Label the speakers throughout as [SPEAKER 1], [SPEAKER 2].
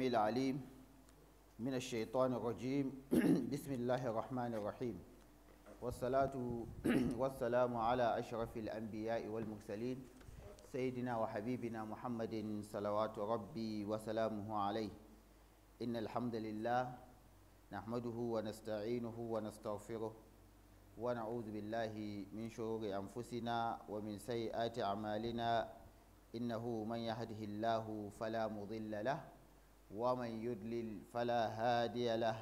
[SPEAKER 1] السميع العليم من الشيطان الرجيم بسم الله الرحمن الرحيم والصلاة والسلام على أشرف الأنبياء والمرسلين سيدنا وحبيبنا محمد صلوات ربي وسلامه عليه إن الحمد لله نحمده ونستعينه ونستغفره ونعوذ بالله من شرور أنفسنا ومن سيئات أعمالنا إنه من يهده الله فلا مضل له ومن يدلل فلا هادي له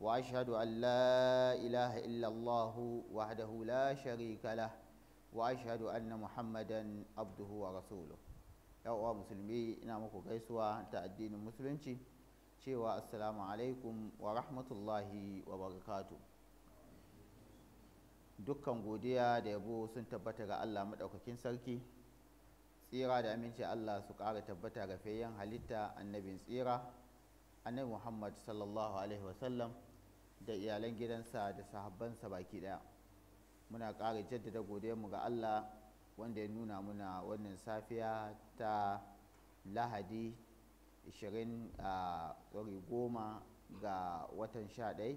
[SPEAKER 1] وأشهد أن لا إله إلا الله وحده لا شريك له وأشهد أن محمدا عبده ورسوله يا musulmi ina muku gaisuwa ta addinin musulunci cewa assalamu alaikum wa rahmatullahi wa barakatu dukkan godiya da yabo sun tabbata ga Allah maɗaukakin sarki tsira da aminci Allah su ƙara tabbata ga fayyan halitta annabin tsira annabi Muhammad sallallahu alaihi wasallam da iyalan gidansa da sahabbansa baki ɗaya muna ƙara jaddada mu ga Allah wanda ya nuna muna wannan safiya ta lahadi 20 goma ga watan sha 11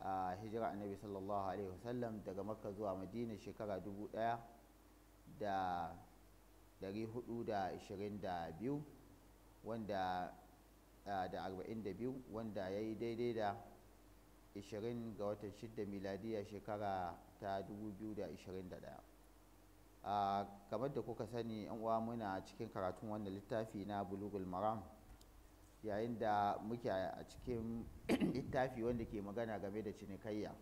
[SPEAKER 1] a hijira annabi sallallahu alaihi wasallam daga makka zuwa madina shekara dubu ɗaya da 422 wanda da 42 wanda ya yi daidai da 20 ga watan 6 miladiya shekara ta 2021 a kamar da kuka sani yan uwa muna cikin karatun wannan littafi na bulugul maram yayin da muke a cikin littafi wanda ke magana game da cinikayya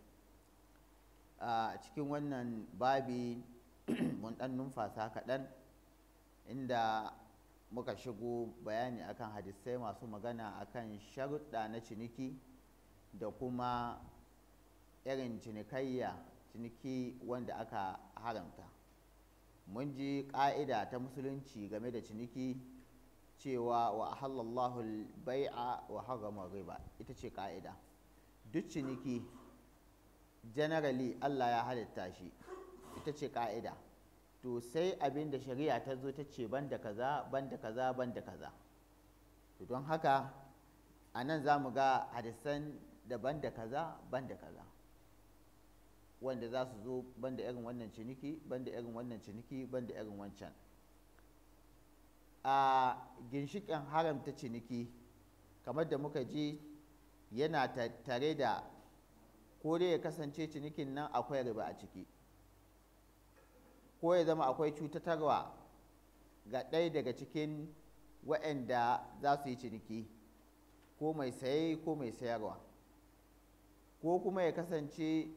[SPEAKER 1] a cikin wannan babi mun dan numfasa kaɗan inda muka shigo bayani akan hadisai masu magana akan sharuɗa na ciniki da kuma irin cinikayya ciniki wanda aka haramta mun ji ƙa'ida ta musulunci game da ciniki cewa wa halallahu bai'a wa haramar riba ita ce ƙa'ida duk ciniki generally allah ya halitta shi ita ce ƙa'ida to sai abin da shari'a ta zo ta ce ban da kaza ban da kaza ban da kaza to don haka a nan za mu ga hadisan da ban da kaza ban da kaza wanda za su zo ban da irin wannan ciniki ban da irin wannan ciniki ban da irin wancan a ginshiƙin haramta ciniki kamar da muka ji yana tare da ko dai ya kasance cinikin nan akwai riba a ciki ko ya zama akwai cutatarwa ga ɗaya daga cikin waɗanda za su yi ciniki ko mai saye ko mai sayarwa ko kuma ya kasance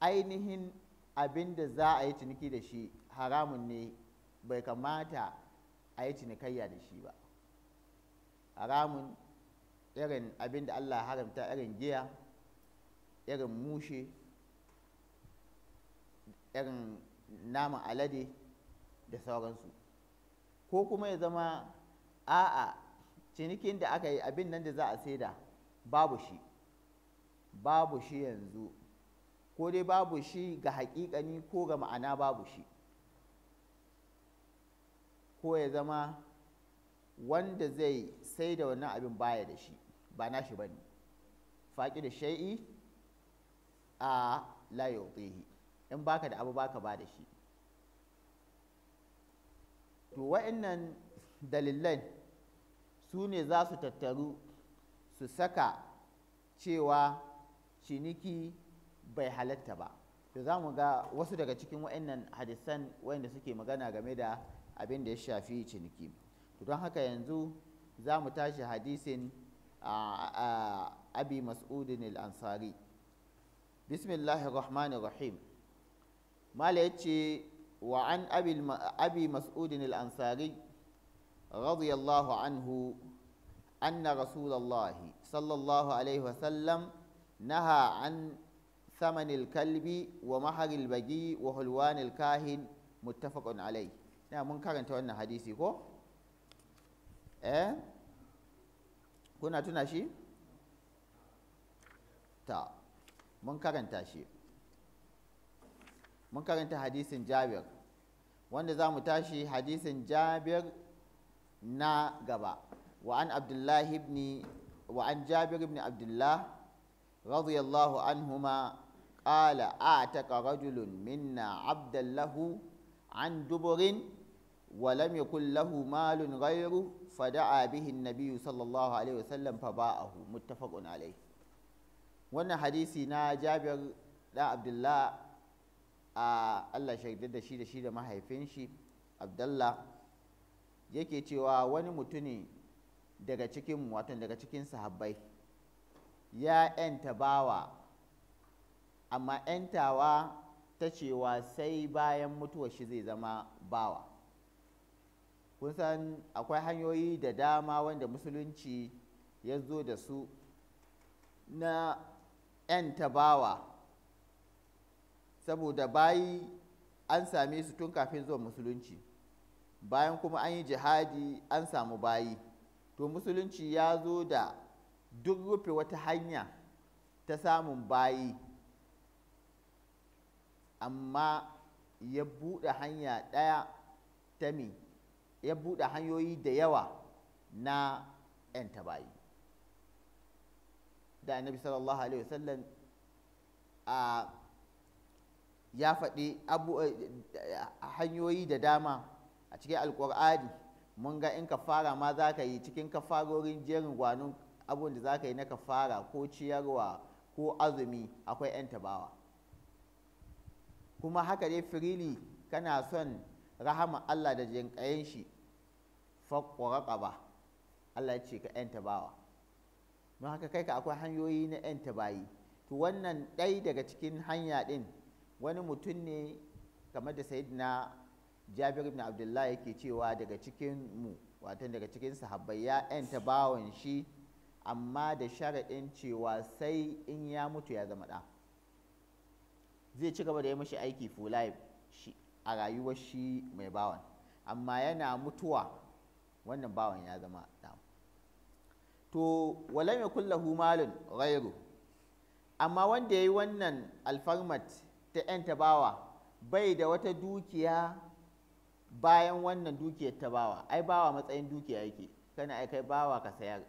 [SPEAKER 1] ainihin abin da za a yi ciniki da shi haramun ne bai kamata a yi cinikayya da shi ba haramun irin abin da allah haramta irin giya irin mushe irin naman alade da sauransu ko kuma ya zama a'a cinikin da aka yi abin nan da za a saida babu shi babu shi yanzu ko dai babu shi ga haƙiƙani ko ga ma'ana babu shi ko ya zama wanda zai sai da wannan abin baya da shi ba nashi ba ne faƙi da shai'i a layo tsihi in baka da abu baka ba da shi to wa'annan dalilan su ne za su tattaru su saka cewa ciniki bai halatta ba to za mu ga wasu daga cikin wa'annan hadisan wa'anda suke magana game da abin da ya shafi ciniki to don haka yanzu za mu tashi hadisin abi mas'udin al-ansari bismillahir rahmanir rahim mala ce wa an abi mas'udin Alansari radiyallahu anhu anna rasulullahi sallallahu alaihi wasallam naha an samanil ثمن الكلب ومهر wa hulwanil kahin متفق عليه na mun karanta wannan hadisi ko eh kuna tuna shi ta mun karanta shi mun karanta hadisin jabir wanda za mu tashi hadisin jabir na gaba wa an abdullahi ibn wa an jabir ibn abdullah radiyallahu anhuma qala ataka rajulun minna abdallahu an duburin wa lam yakul lahu malun ghayru fada'a bihi an-nabiy sallallahu alaihi wasallam fa ba'ahu muttafaqun alaihi wannan hadisi na jabir da abdullah a Allah shaidar da shi da shi da mahaifin shi Abdullah yake cewa wani mutuni daga cikin watan daga cikin sahabbai ya ‘yanta bawa amma ‘yantawa ta cewa sai bayan mutuwar shi zai zama bawa kun san akwai hanyoyi da dama wanda musulunci ya zo da su na ‘yanta bawa saboda bayi an same su tun kafin zuwa musulunci bayan kuma an yi jihadi an samu bayi to musulunci ya zo da duk rufe wata hanya ta samun bayi amma ya buɗe hanya ɗaya ta me ya buɗe hanyoyi da yawa na 'yanta bayi da annabi sallallahu alaihi wasallam a ya faɗi eh, hanyoyi da dama a cikin alkur'ani mun ga in ka fara ma za ka yi cikin kafarorin jerin gwanon abun da za ka yi na kafara ko ciyarwa ko azumi akwai 'yan tabawa kuma haka dai firili kana son rahama Allah da jinƙayen shi faƙwaƙa ba Allah ce ka 'yan tabawa don haka kai ka akwai hanyoyi na 'yan tabayi to wannan ɗai daga cikin hanya ɗin wani mutum ne kamar da na jabir ibn abdullahi yake cewa daga cikin mu wato daga cikin sahabbai ya yanta bawan shi amma da sharaɗin cewa sai in ya mutu ya zama ɗa zai ci gaba da ya mashi aiki for life a rayuwar shi mai bawan amma yana mutuwa wannan bawan ya zama ɗa to walam kulla lahu malun amma wanda ya yi wannan alfarmat ta 'yan bawa bai da wata dukiya bayan wannan dukiyar ta bawa ai bawa matsayin dukiya yake kana ai kai bawa ka saya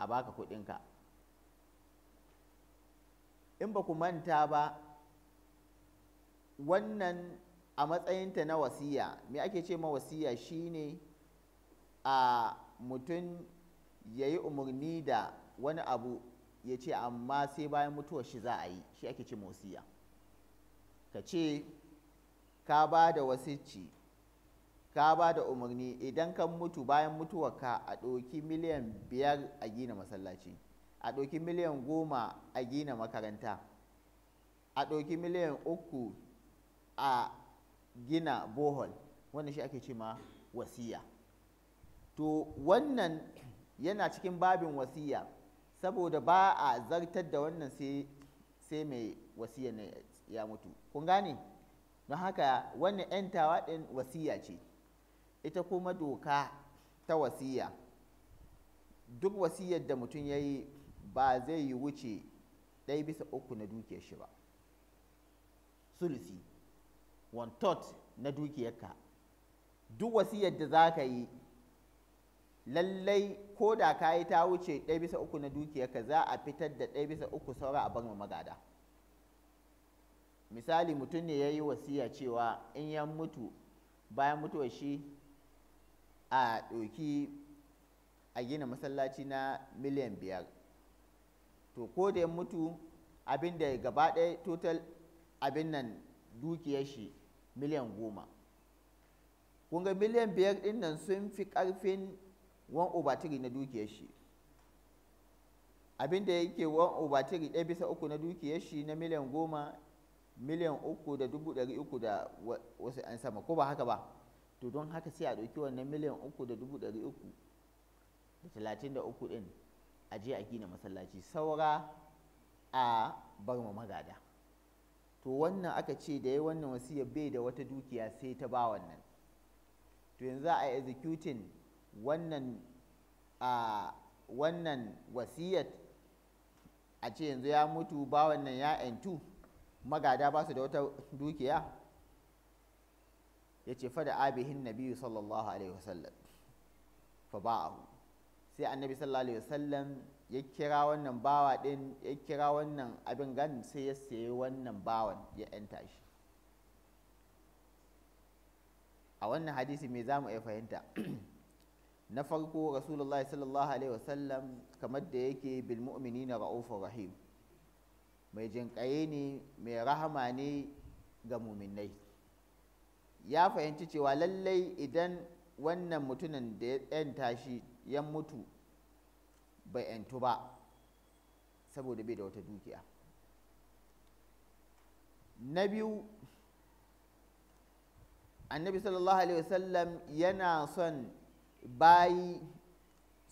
[SPEAKER 1] a baka kuɗinka in ba ku manta ba wannan a matsayinta na wasiya me ake ce ma wasiya shine a mutum ya yi umarni da wani abu ya ce amma sai bayan mutuwar shi za a yi shi ake ce mosiya ka ce ka ba da wasicci ka ba da umarni idan ka mutu bayan ka a ɗauki miliyan biyar a gina masallaci a ɗauki miliyan goma a gina makaranta a ɗauki miliyan uku a gina bohol wannan shi ake ce ma wasiya to wannan yana cikin babin wasiya saboda ba a zartar da wannan sai mai wasiya ya mutu kun gane don haka wannan 'yantawa ɗin wasiya ce ita kuma doka ta wasiya duk wasiyar da mutum ya yi ba zai yi wuce ɗaya bisa uku na dukiyar shi ba sulusi one third na dukiyarka duk wasiyar da za ka yi lallai ko da ka yi ta wuce ɗaya bisa uku na dukiyarka za a fitar da ɗaya bisa uku saura a bar magada misali mutum ne ya yi wasiya cewa in ya mutu bayan mutuwa shi a ɗauki a gina masallaci na miliyan biyar to ko da ya mutu abin da gaba ɗaya total abin nan dukiyar shi miliyan goma Kunga miliyan biyar ɗin nan sun fi ƙarfin Wan obatiri na dukiyar shi abin da yake wan obatiri ɗaya bisa uku na dukiyar shi na miliyan goma miliyan uku da dubu ɗari uku da wasu an sama ko ba haka ba to don haka sai a ɗauki wannan miliyan uku da dubu ɗari uku da talatin da uku ɗin a je a gina masallaci saura a bar ma magada to wannan aka ce da ya wannan wasiya bai da wata dukiya sai ta ba wannan to yanzu a executing wannan a wannan wasiyat a ce yanzu ya mutu ba wannan ya yantu magada ba su da wata dukiya ya ce fada abihin nabi sallallahu alaihi wasallam fa ba'ahu sai annabi sallallahu alaihi wasallam ya kira wannan bawa din ya kira wannan abin gan sai ya sayi wannan bawan ya yanta shi a wannan hadisi mai za mu iya fahimta na farko rasulullahi sallallahu alaihi wasallam kamar da yake bil mu'minina ra'ufur rahim mai jinƙaye ne mai rahama ne ga muminai ya fahimci cewa lallai idan wannan mutumin da ya tsanta shi ya mutu bai ‘yantu ba saboda bai da wata dukiya na biyu annabi sallallahu alaihi wasallam yana son bayi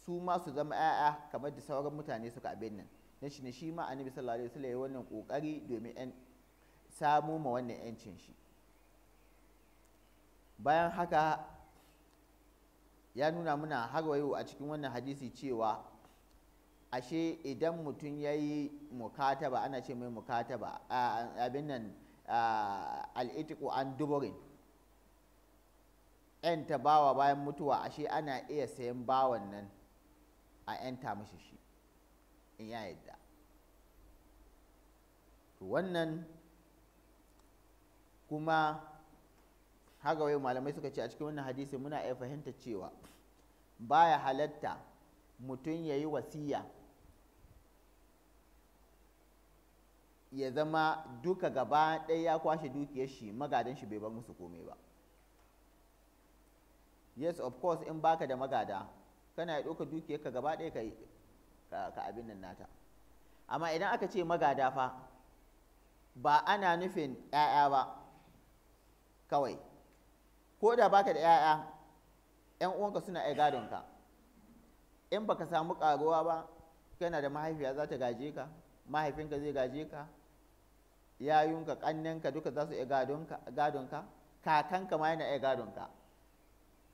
[SPEAKER 1] su ma su zama 'ya'ya kamar da sauran mutane suka abin nan na shi ne shi ma annabi sallallahu alaihi wasallam ya wannan kokari domin yan samu ma wannan yancin shi bayan haka ya nuna muna har wayo a cikin wannan hadisi cewa ashe idan mutum ya yi mukataba ana ce mai mukataba abin nan al'itiku an duburin 'yanta bawa bayan mutuwa ashe ana iya sayan bawan nan a 'yanta mashi shi in ya yadda wannan kuma haka wai malamai suka ce a cikin wannan hadisi muna iya fahimta cewa baya halatta mutum ya yi wasiya ya zama duka gaba ɗaya ya kwashe dukiyar shi magadan shi bai bar musu komai ba yes of course in baka da magada kana ya ɗauka ka gaba ɗaya ka abin nan nata amma idan aka ce magada fa ba ana nufin 'ya'ya ba kawai ko da baka da 'ya'ya 'yan uwanka suna ai gadonka in baka samu karuwa ba kana da mahaifiya za ta gaje ka mahaifinka zai gaje ka yayunka ƙannenka duka za su iya gadonka kakanka ma yana iya gadonka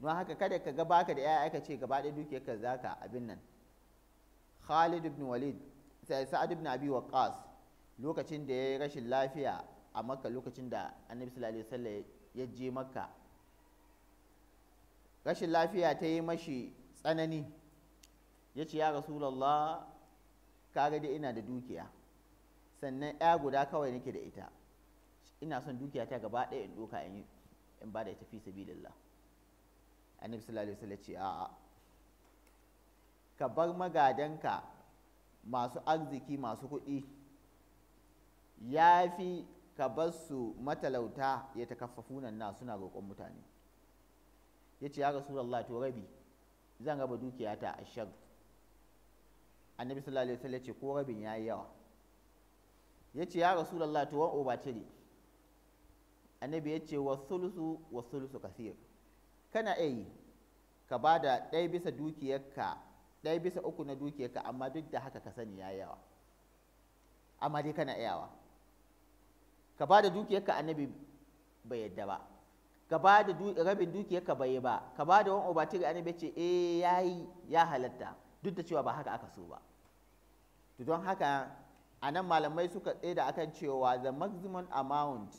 [SPEAKER 1] don haka kada ka ga baka da yaya ka ce gaba ɗaya dukiyar ka zaka abin nan Khalid ibn Walid Sa'ad ibn Abi Waqqas lokacin da ya yi rashin lafiya a Makka lokacin da Annabi sallallahu alaihi wasallam ya je Makka rashin lafiya ta yi mashi tsanani ya ce ya Rasulullah ga da ina da dukiya sannan ya guda kawai nake da ita ina son dukiya ta gaba ɗaya in doka in ba da ita fi sabilillah annabi sallallahu alaihi wasallam ce a'a ka bar magadanka masu arziki masu kuɗi ya fi ka bar su matalauta ya ta nan na suna roƙon mutane ya ce ya rasulallah to rabi zan raba dukiyata a shar annabi sallallahu alaihi wasallam ce ko rabin ya yi yawa ya ce ya rasulallah to wan obatiri annabi ya ce wasu sulusu wasu sulusu kasir kana iya yi ka ba da ɗaya bisa dukiyarka ɗaya bisa uku na dukiyarka amma duk da haka ka sani ya yawa amma dai kana iyawa ka ba da dukiyarka annabi bai yadda ba ka ba da rabin dukiyarka bai yi ba ka ba da wani obatiri annabi ce eh ya yi ya halatta duk da cewa ba haka aka so ba to don haka a nan malamai suka tsaye da akan cewa the maximum amount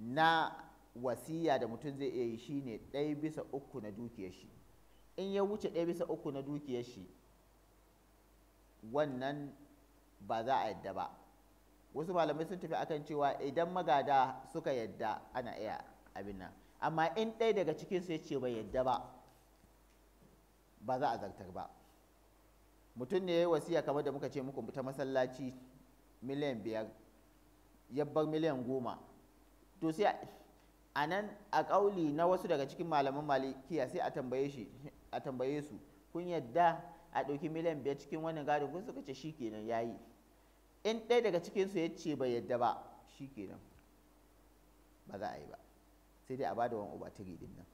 [SPEAKER 1] na wasiya da mutum zai iya yi shine ɗaya bisa uku na dukiyar shi in ya wuce ɗaya bisa uku na dukiyar shi wannan ba za a yadda ba wasu malamai sun tafi akan cewa idan magada suka yadda ana iya abin nan amma in ɗaya daga cikin su ya ce bai yadda ba ba za a zartar ba mutum ne ya yi wasiya kamar da muka ce muku ta masallaci miliyan biyar ya bar miliyan goma to sai a nan a ƙauli na wasu daga cikin malaman malikiya sai a tambaye shi a tambaye su kun yadda a ɗauki miliyan biyar cikin wannan gadon kun suka ce shi kenan ya yi in ɗaya daga cikinsu ya ce bai yadda ba shi kenan ba za a yi ba sai dai a bada wani obatiri din nan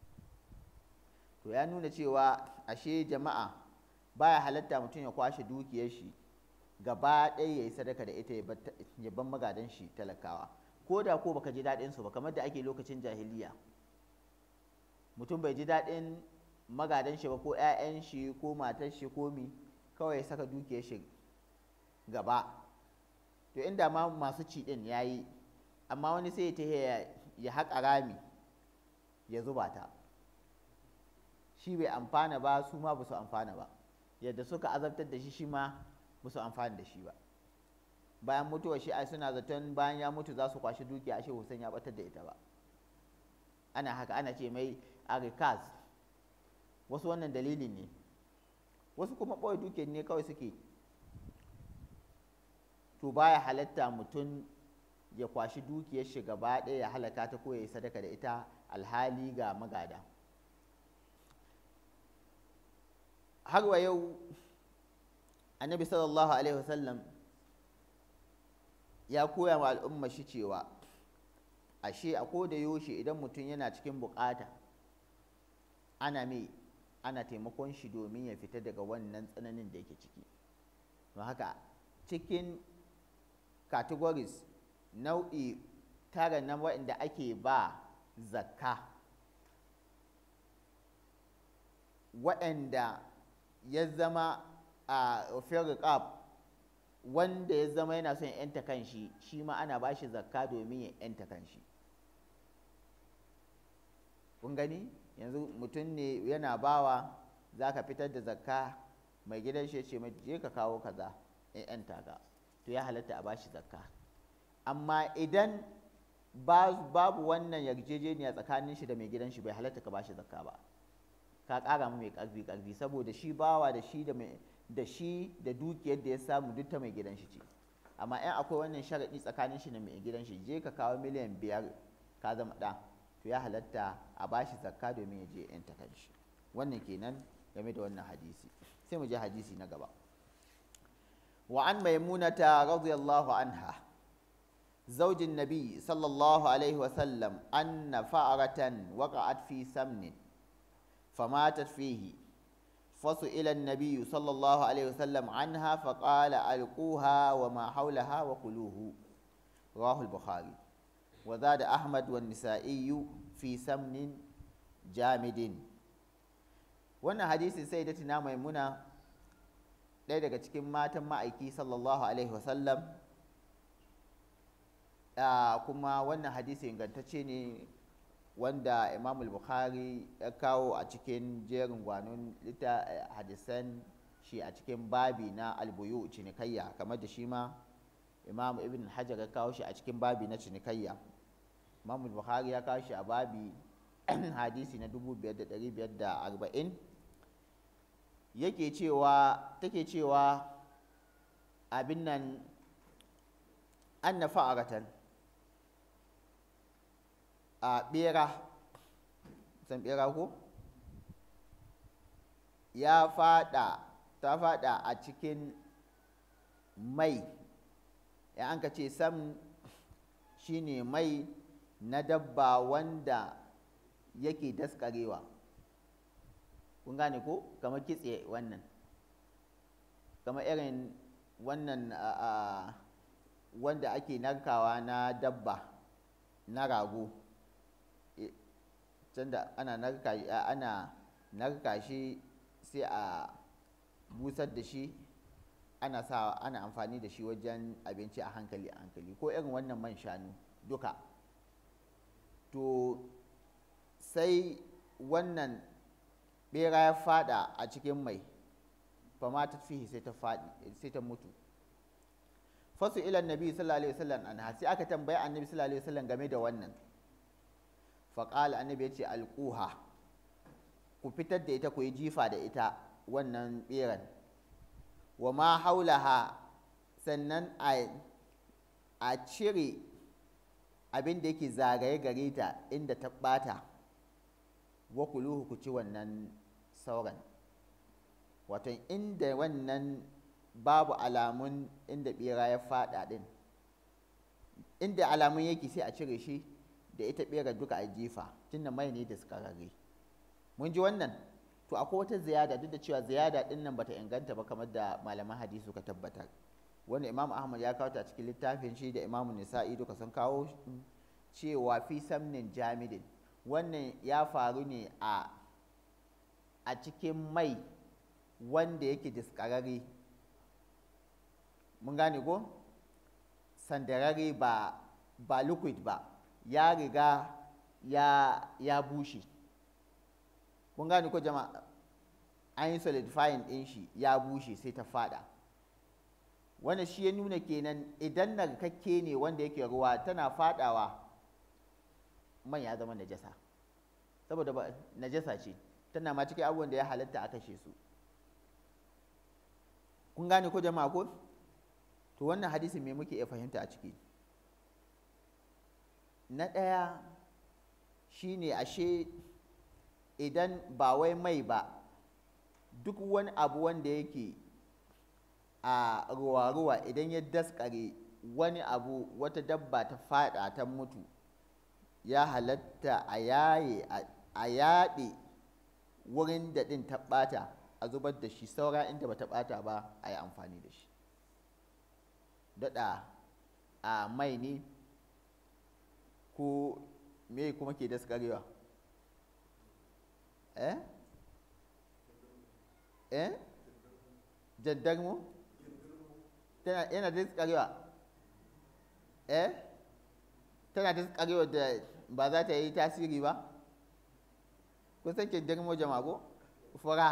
[SPEAKER 1] to ya nuna cewa ashe jama'a baya halatta mutum ya kwashe dukiyar shi gaba ɗaya ya yi sadaka da ita ya ban magadan shi talakawa ko da ko baka ji daɗin su ba kamar da ake lokacin jahiliya mutum bai ji daɗin magadan shi ba ko 'ya'yan shi ko matar shi ko mi kawai saka dukiyar shi gaba to inda ma masu ci ɗin ya yi amma wani sai ya tahe ya haƙa rami ya zuba ta shi bai amfana ba su ma ba su amfana ba yadda suka azabtar da shi shi ma ba su amfana da shi ba bayan mutuwar shi ai suna zaton bayan ya mutu za su kwashi dukiya ashe Hussein ya batar da ita ba ana haka ana ce mai arikas wasu wannan dalili ne wasu kuma ɓoye dukiyar ne kawai suke to baya halatta mutum ya kwashi dukiyar shi gaba ɗaya ya halaka ta ko ya sadaka da ita alhali ga magada har wa yau annabi sallallahu alaihi wasallam ya koya wa al'umma shi cewa ashe a da yaushe idan mutum yana cikin bukata ana mai ana taimakon shi domin ya fita daga wannan tsananin da yake ciki don haka cikin categories nau'i tara na waɗanda ake ba zakka waɗanda ya zama a uh, wanda ya zama yana son yanta kanshi shi ma ana ba shi zakka domin ya yanta kanshi kun gani yanzu mutum ne yana bawa za ka fitar da zakka mai gidan shi ce je ka kawo kaza yanta ka to ya halatta a ba shi zakka amma idan babu wannan yarjejeniya tsakanin shi da mai gidan shi bai halatta ka ba shi zakka ba ka ƙara mai ƙarfi ƙarfi saboda shi bawa da shi da mai da shi da dukiyar da ya samu duk ta mai gidan shi ce amma yan akwai wannan sharaɗi tsakanin shi da mai gidan shi je ka kawo miliyan biyar ka zama ɗa to ya halatta a bashi zakka domin ya je yan takan shi wannan kenan game da wannan hadisi sai mu je hadisi na gaba wa an maimunata radiyallahu anha زوج sallallahu alaihi wa sallam an أن fa'aratan وقعت fi Samnin, فماتت fihi fasu ilan nabiyu sallallahu alaihi wasallam an ha faƙala alƙuha wa ma wa kuluhu rahul buhari wa da ahmad wa Nisa'iyyu fi samnin jamidin wannan hadisi sai da tuna mai ɗaya daga cikin matan ma'aiki sallallahu alaihi wasallam kuma wannan hadisi ingantacce ne wanda imam bukhari ya kawo a cikin jerin gwanon eh, hadisan shi a cikin babi na albuyu cinikayya kamar da shi ma imam ibn hajar ya kawo shi a cikin babi na cinikayya imam bukhari ya kawo shi a babi hadisi na 5540 yake cewa take cewa abin nan an na fa'aratan a bera san bera ko ya fada ta fada a cikin mai ya an ka ce sam shine mai na dabba wanda yake daskarewa kun gane ko kamar kitse wannan Kama irin wannan wanda ake narkawa na dabba na rago tunda ana narka ana narka shi sai a busar da shi ana sa ana amfani da shi wajen abinci a hankali a hankali ko irin wannan man shanu duka to sai wannan bera ya fada a cikin mai fa ma ta fihi sai ta fadi sai ta mutu fasu ila nabi sallallahu alaihi wasallam an sai aka tambaye annabi sallallahu alaihi wasallam game da wannan faƙala annabi ya ce alƙuha ku fitar da ita ku yi jifa da ita wannan ɓeran wa ma haulaha sannan a cire abin da yake zagaye gare ta inda ta ɓata wa kuluhu ku ci wannan sauran watan inda wannan babu alamun inda ɓera ya faɗa ɗin inda alamun yake sai a cire shi da ita bera duka a jifa tunda mai ne da suka rage mun ji wannan to akwai wata ziyada duk da cewa ziyada din nan bata inganta ba kamar da malaman hadisi suka tabbatar wanda imam ahmad ya kawo ta cikin littafin shi da imam nisa'i duka sun kawo cewa fi samnin jamidin wannan ya faru ne a a cikin mai wanda yake diskarare mun gane ko sandarare ba ba liquid ba ya riga ya, ya bushe kun gani ko jama'a an yi solidifying din shi ya bushe sai ta fada wanda shi ya nuna kenan idan kakke ne wanda yake ruwa tana fadawa man ya zama najasa saboda ba najasa ce tana ma cikin abubuwan da ya halatta a kashe su kun gane ko jama'a ko to wannan hadisin me muke ya fahimta a ciki na ɗaya shi ne ashe idan ba wai mai ba duk wani abu wanda yake a ruwa-ruwa idan ya daskare wani abu wata dabba ta fada ta mutu ya halatta a yaye a yaɗe wurin da ɗin ta ɓata a zubar da shi saura inda ba ta ɓata ba a yi amfani da shi daɗa a mai ne ko me kuma ke daskarewa eh eh jaddarmu tana yana daskarewa eh tana daskarewa da ba za ta yi tasiri ba kun san jaddarmu jama'a ko fura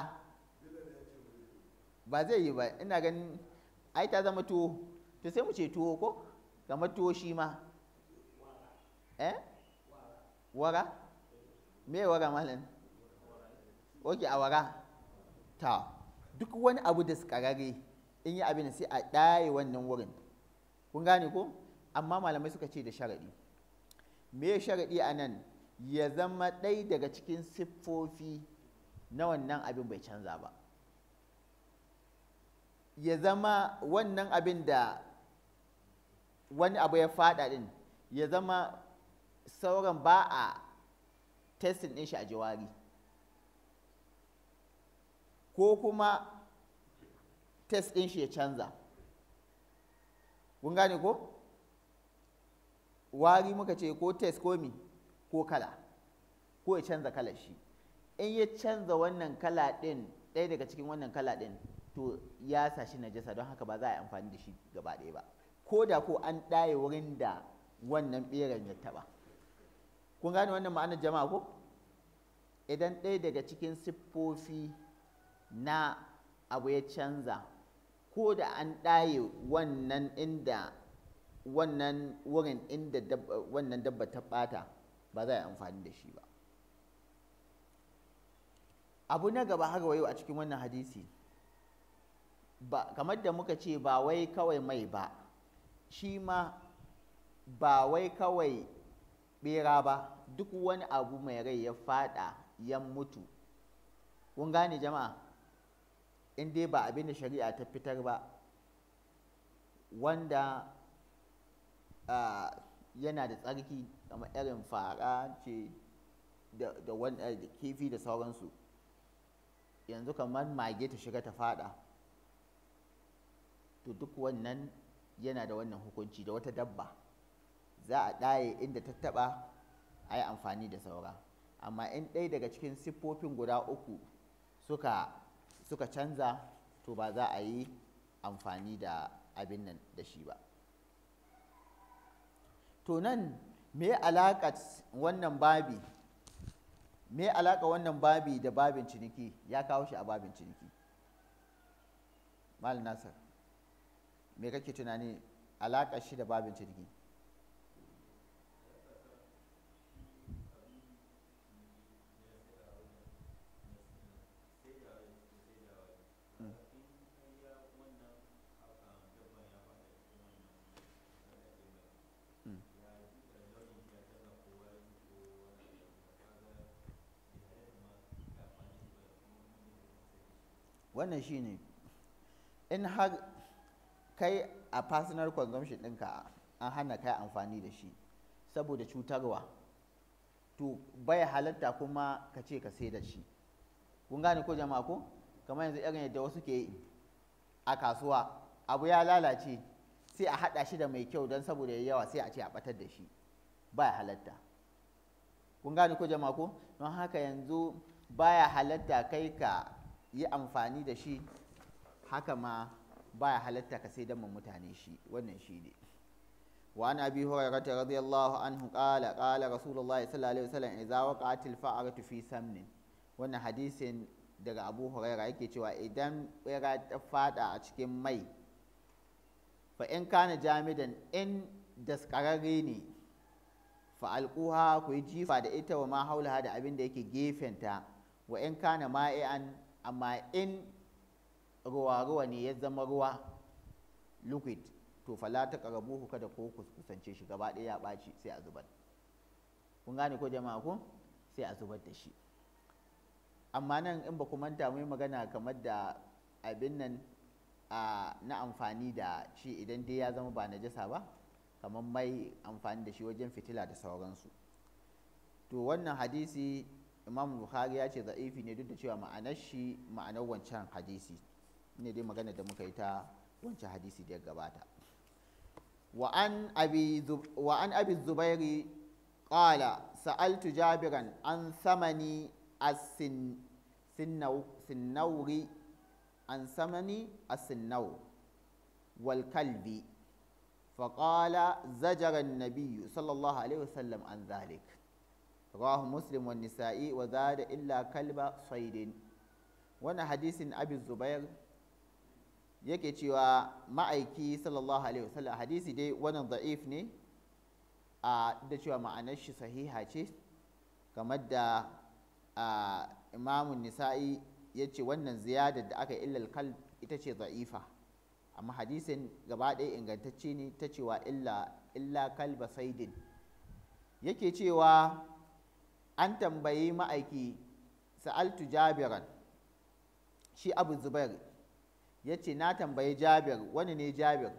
[SPEAKER 1] ba zai yi ba ina ganin ai ta zama tuwo to sai mu ce tuwo ko zama tuwo shi ma eh wara me wara malam oke a wara ta duk wani abu da karare in yi abin sai a ɗaye wannan wurin kun gane ko amma malamai suka ce da sharaɗi me sharaɗi a nan ya zama ɗai daga cikin siffofi na wannan abin bai canza ba ya zama wannan abin da wani abu ya faɗa ɗin ya zama sauran ba a testin ɗin shi a jawari ko kuma test ɗin shi ya canza kun gane ko wari muka ce ko test ko mi ko kala ko ya canza kalar shi in ya canza wannan kala ɗin ɗaya daga cikin wannan kala ɗin to ya na najasa don haka ba za a yi amfani da shi gaba ɗaya ba ko da ko an ɗaye wurin da wannan ɓeran ya taɓa kun gane wannan ma'anar jama'a ko idan ɗaya daga cikin siffofi na abu ya canza ko da an ɗaye wannan inda wannan wurin inda wannan dabba ta ɓata ba za a yi amfani da shi ba abu na gaba har wayo a cikin wannan hadisi ba kamar da muka ce ba wai kawai mai ba shi ma ba wai kawai bera ba duk wani abu mai rai ya fada ya mutu kun gane jama'a in dai ba abin da shari'a ta fitar ba wanda uh, yana da tsarki kamar irin fara ce da, eh, da kifi da sauransu yanzu kamar mage ta shiga ta fada to duk wannan yana da wannan hukunci da wata dabba za a ɗaye inda ta taɓa a yi amfani da saura amma in ɗaya daga cikin siffofin guda uku suka suka canza to ba za a yi amfani da abin nan da shi ba to nan me alaƙa wannan babi me alaƙa wannan babi da babin ciniki ya kawo shi a babin ciniki mal nasar me kake tunani alaƙa shi da babin ciniki wannan shi ne in har kai a personal consumption ɗinka an hana kai amfani da shi saboda cutarwa to bai halatta kuma ka ce ka sai da shi kun gane ko jama'a ko kamar yanzu irin yadda wasu ke a kasuwa abu ya lalace sai a haɗa shi da mai kyau don saboda ya yawa sai a ce a ɓatar da shi baya halatta kun gane ko jama'a ko don haka yanzu baya halatta kai ka yi amfani da shi haka ma baya halatta ka sai damar mutane shi wannan shi ne وعن أبي هريرة رضي الله kala kala rasulallah رسول الله صلى الله عليه وسلم إذا وقعت الفأرة في سمن Wannan hadisin daga Abu Huraira yake cewa idan bera ta fada a cikin mai fa in kana jamidan in daskararre ne fa alquha ku yi jifa da ita wa ma haula da abin da yake gefenta wa in kana ma'i'an amma in ruwa-ruwa ne ya zama ruwa liquid to fala ta karabuhu kada ko kusance shi gaba ɗaya ya ɓaci sai a zubar kun gane ko jama'a ko sai a zubar da shi amma nan in ba ku manta mai magana kamar da abin nan na amfani da shi idan dai ya zama ba najasa ba kamar mai amfani da shi wajen fitila da sauransu to wannan hadisi imam bukhari ya ce za'ifi ne duk da cewa ma'anar shi ma'anar wancan hadisi ne dai magana da muka yi ta wancan hadisi da ya gabata wa an abi zubairi Kala, sa'altu jabiran an samani a sinnauri an samani a sinnau wal kalbi فقال زجر النبي صلى الله عليه وسلم عن rawahu muslim wa nisa'i wa zada illa kalba saidin wannan hadisin abi zubair yake cewa ma'aiki sallallahu alaihi wasallam hadisi dai wannan da'if ne a da cewa ma'anar shi sahiha ce kamar da imamun nisa'i ya ce wannan ziyadar da aka illal kalb ita ce za'ifa amma hadisin gaba ɗaya ingantacce ne ta cewa illa kalba saidin yake cewa an tambayi ma'aiki sa'altu jabiran shi abu zubair ya ce na tambayi jabir wani ne jabir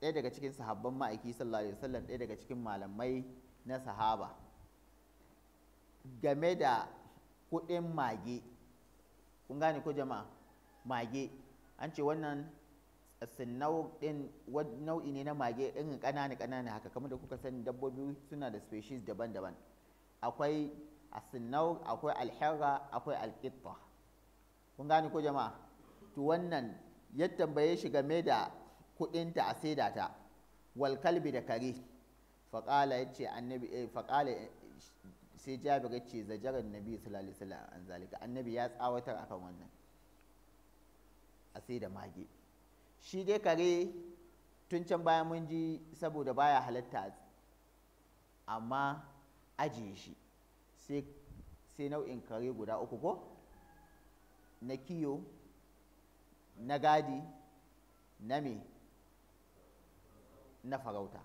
[SPEAKER 1] ɗaya daga cikin sahabban ma'aiki sallallahu alaihi wasallam ɗaya daga cikin malamai na sahaba game da kuɗin mage kun gane ko jama'a mage an ce wannan sinau nau'i ne na mage ɗin ƙanana ƙanana haka kamar da kuka sani dabbobi suna da species daban-daban akwai asinau akwai alhera akwai alkitta kun gane ko jama'a to wannan ya tambaye shi game da kudinta a saida ta wal kalbi da kare faƙala ya ce annabi eh faƙala sai jabir ya ce zajarar nabi sallallahu alaihi wasallam an zalika annabi ya tsawatar akan wannan a sai da mage shi dai kare tun can bayan mun ji saboda baya halatta amma ajiye shi sai nau'in kare guda uku ko na kiyo na gadi na me na farauta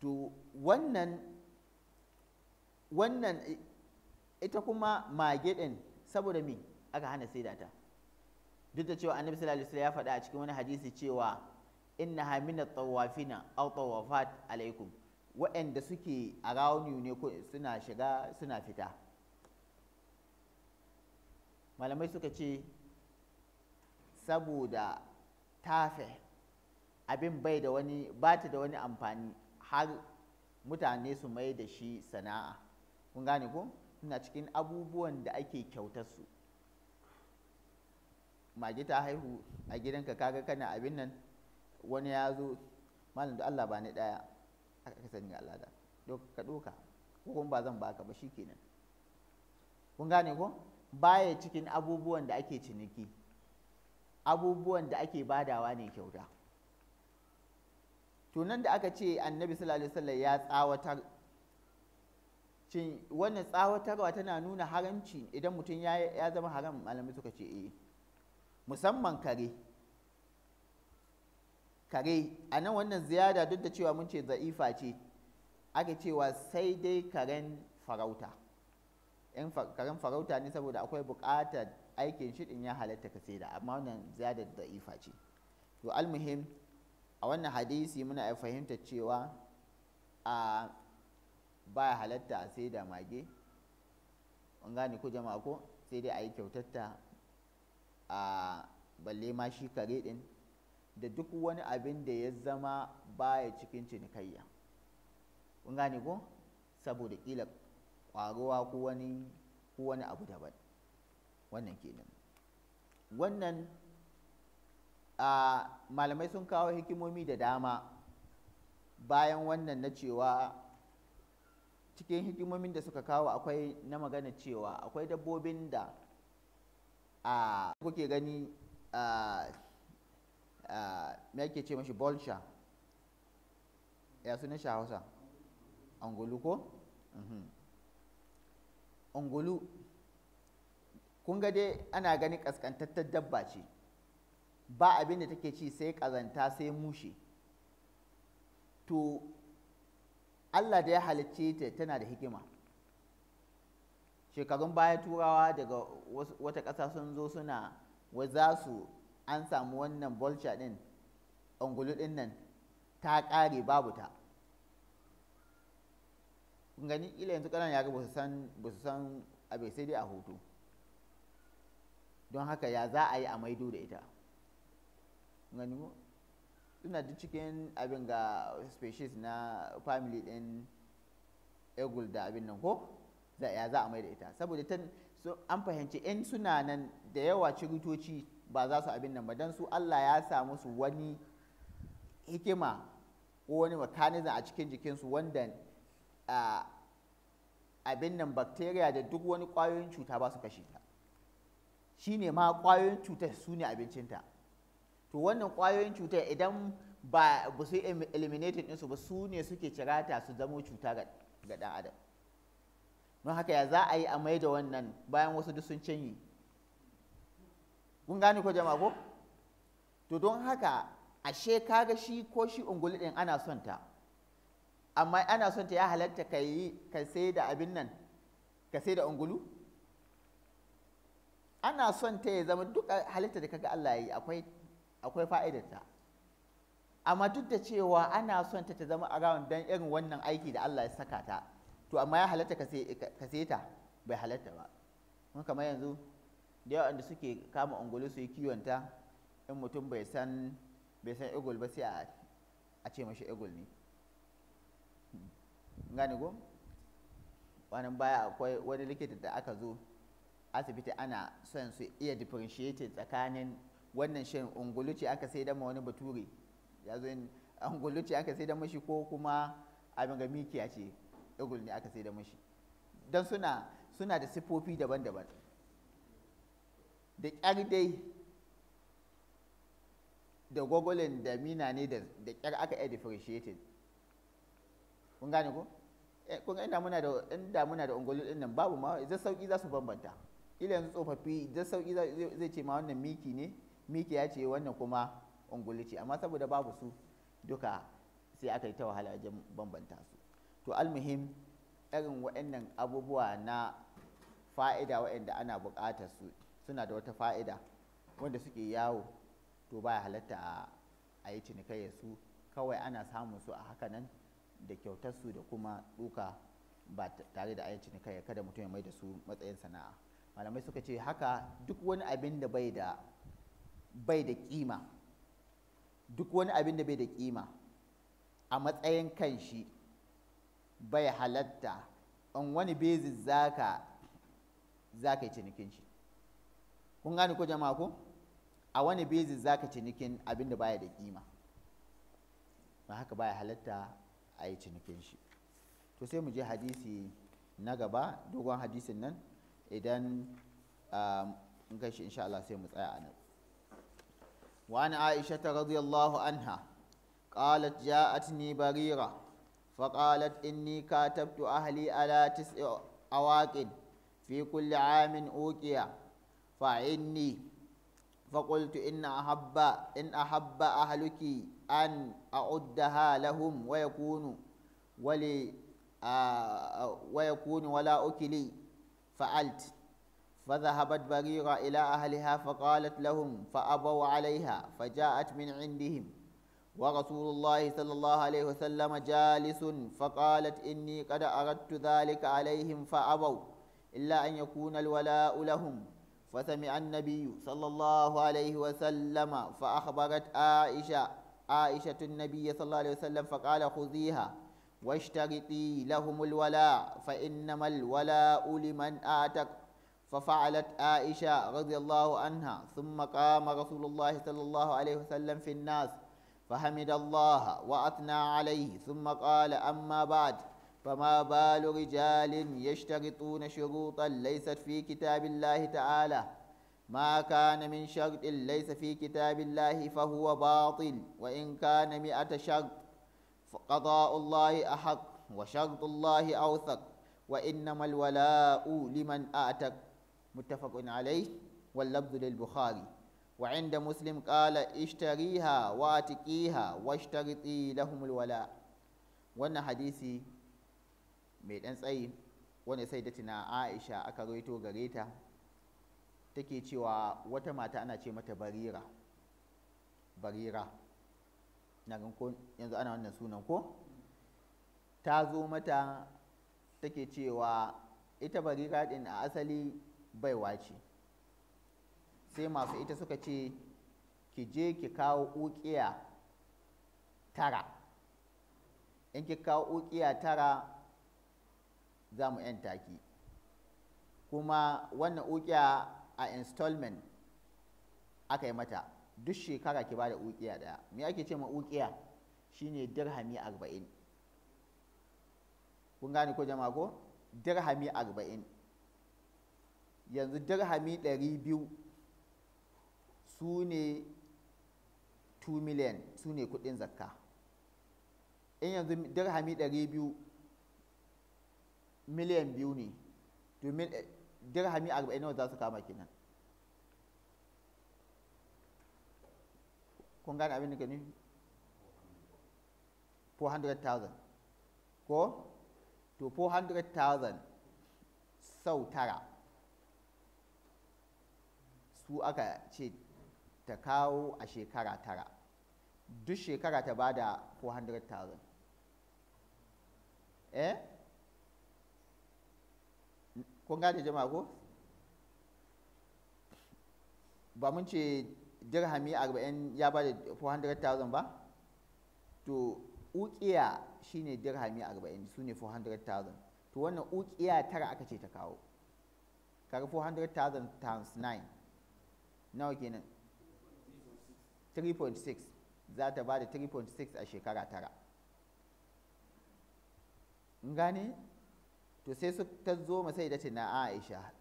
[SPEAKER 1] to wannan wannan ita kuma mage din saboda me aka hana sai da ta duk da cewa annabi sallallahu alaihi ya faɗa a cikin wani hadisi cewa inna min at-tawafina aw tawafat alaikum waɗanda suke a rauni ne suna shiga suna fita malamai suka ce saboda tafe abin bai da wani ba ta da wani amfani har mutane su mai da shi sana'a kun gane ko suna cikin abubuwan da ake kyautar su mage ta haihu a gidanka kaga kana abin nan wani ya zo malam da Allah ba ni daya aka ka sani al'ada ka ɗoka ko kuma ba zan baka ba shikenan kun gane ko baya cikin abubuwan da ake ciniki abubuwan da ake badawa ne kyauta tunan da aka ce annabi sallallahu alaihi wasallam ya tsawatar cin wannan tsawatarwa tana nuna haramci idan mutum ya zama haram malamai suka ce eh musamman kare kare a nan wannan ziyara duk da cewa mun ce za'ifa ce ake cewa sai dai karen farauta in karen farauta ne saboda akwai bukatar aikin shi din ya halatta ka sai da amma wannan ziyara za'ifa ce to almuhim a wannan hadisi muna fahimta cewa a ba halatta a sai da mage an gane ko jama'a ko sai dai a yi kyautatta a balle ma shi kare din da duk wani abin da ya zama baya cikin cinikayya kun gane ko saboda kila kwaruwa ko wani ko wani abu daban wannan kenan wannan a malamai sun kawo hikimomi da dama bayan wannan na cewa cikin hikimomin da suka kawo akwai na magana cewa akwai dabbobin da a kuke gani a Ah, me ake ce mashi bolsha ya sunan shi hausa angolu ko angolu mhm. kun ga dai ana gani kaskantattar dabba ce ba abin da take ci sai kazanta sai mushe to allah da ya halicce ta tana da hikima shekarun baya turawa daga wata ƙasa sun zo suna wa za su an samu wannan bolsha ɗin ungulu ɗin nan ta ƙare babu ta kun gani ila yanzu ƙanan yara ba su san san abai sai dai a hoto don haka ya za a yi a maido da ita gani mu suna duk cikin abin ga species na family ɗin egul da abin nan ko ya za a maida ita saboda an fahimci 'yan suna nan da yawa cirutoci ba za su abin nan ba don su Allah ya sa musu wani hikima ko wani mechanism a cikin jikinsu wanda abin nan bacteria da duk wani ƙwayoyin cuta ba su kashe ta shi ne ma ƙwayoyin cuta su ne abincinta to wannan kwayoyin cuta idan ba su eliminating ɗinsu ba su ne suke cirata su zamo cuta ga ɗan adam don haka ya za a yi a mai da wannan bayan wasu duk sun canyi kun gane ko jama'a ko to don haka ashe kaga shi ko shi unguli din ana son ta amma ana son ta ya halatta ka yi ka sai da abin nan ka sai da ungulu ana son ta ya zama duk halitta da kaga Allah yi akwai akwai ta amma duk da cewa ana son ta ta zama a gawan dan irin wannan aiki da Allah ya saka ta to amma ya halatta ka sai ta bai halatta ba mun kamar yanzu da yawa da suke kama ungulu su yi kiwonta in mutum bai san bai san igul ba sai a ce mashi igul ne gani go wani baya akwai wani likita da aka zo asibiti ana son su iya differentiate tsakanin wannan shin ungulu ce aka sai ma wani bature ya zo ungulu ce aka sai da mashi ko kuma abin ga mikiya ce igul ne aka sai da mashi don suna suna da siffofi daban-daban da ƙyar dai da gogolin da mina ne da ƙyar aka iya differentiated kun gane ko eh, kun ga inda muna da inda muna da ungulu din nan babu ma zai sauki za su bambanta ila yanzu tsofaffi zai sauki zai ce ma wannan miki ne miki ya ce wannan kuma ungulu ce amma saboda babu su duka sai aka yi ta wahala wajen bambanta su to almuhim irin waɗannan abubuwa na fa'ida waɗanda ana buƙatar su suna da wata fa'ida wanda suke yawo to ba halatta a yi cinikayya su kawai ana samun su a haka nan da kyautarsu da kuma duka ba tare da a yi cinikayya kada mutum ya mai da su matsayin sana'a malamai suka ce haka duk wani abin da bai da bai da kima duk wani abin da bai da kima a matsayin kan shi bai halatta in wani bezis zaka zaka yi cinikin shi kun gane ko jama'a ko a wani za ka cinikin abin da baya da kima ba haka baya halatta a yi cinikin shi to sai mu je hadisi na gaba dogon hadisin nan idan in um, kai shi insha Allah sai mu tsaya a nan wa an aisha ta radiyallahu anha qalat ja'atni barira fa qalat inni katabtu ahli ala tis'i awaqin fi kulli amin uqiya فعني فقلت إن أحب إن أحب أهلك أن أعدها لهم ويكون ولي ويكون ولا أكلي فعلت فذهبت بريرة إلى أهلها فقالت لهم فأبوا عليها فجاءت من عندهم ورسول الله صلى الله عليه وسلم جالس فقالت إني قد أردت ذلك عليهم فأبوا إلا أن يكون الولاء لهم فسمع النبي صلى الله عليه وسلم فأخبرت عائشة عائشة النبي صلى الله عليه وسلم فقال خذيها واشترطي لهم الولاء فإنما الولاء لمن آتك ففعلت عائشة رضي الله عنها ثم قام رسول الله صلى الله عليه وسلم في الناس فحمد الله وأثنى عليه ثم قال أما بعد فما بال رجال يشترطون شروطا ليست في كتاب الله تعالى ما كان من شرط ليس في كتاب الله فهو باطل وإن كان مئة شرط فقضاء الله أحق وشرط الله أوثق وإنما الولاء لمن أعتق متفق عليه واللفظ للبخاري وعند مسلم قال اشتريها واتقيها واشترطي لهم الولاء وأن حديثي mai ɗan tsayi wanda sai na aisha aka roito gare ta take cewa wata mata ana ce mata barira barira na ko yanzu ana wannan sunan ko ta zo mata take cewa ita barira ɗin a asali baiwa ce sai masu ita suka ce ki je ki kawo ukiya tara in ki kawo ukiya tara za mu yanta ki kuma wannan ukiya a installment aka yi mata duk shekara ki bada ukiya daya me ake ce ma ukiya shine dirhami arba'in kun gane ko jama'a ko dirhami arba'in yanzu dirhami 200 biyu su ne 2 million su ne kudin zakka in yanzu dirhami ɗari biyu miliyan biyu ne domin eh, dirhami arba'in nawa za su kama kenan kun gane abin da ka nufi 400,000 ko to 400,000 sau tara su aka ce ta kawo a shekara tara duk shekara ta bada 400,000 eh kun gane jama'a ko ba mun ce dirhami 40 ya ba da 400,000 ba to ukiya shine dirhami 40 su ne 400,000 to wannan ukiya tara aka ce ta kawo kare 400,000 times 9 nawa kenan 3.6 za ta ba da 3.6 a shekara tara gane to sai su ta zo masai da na aisha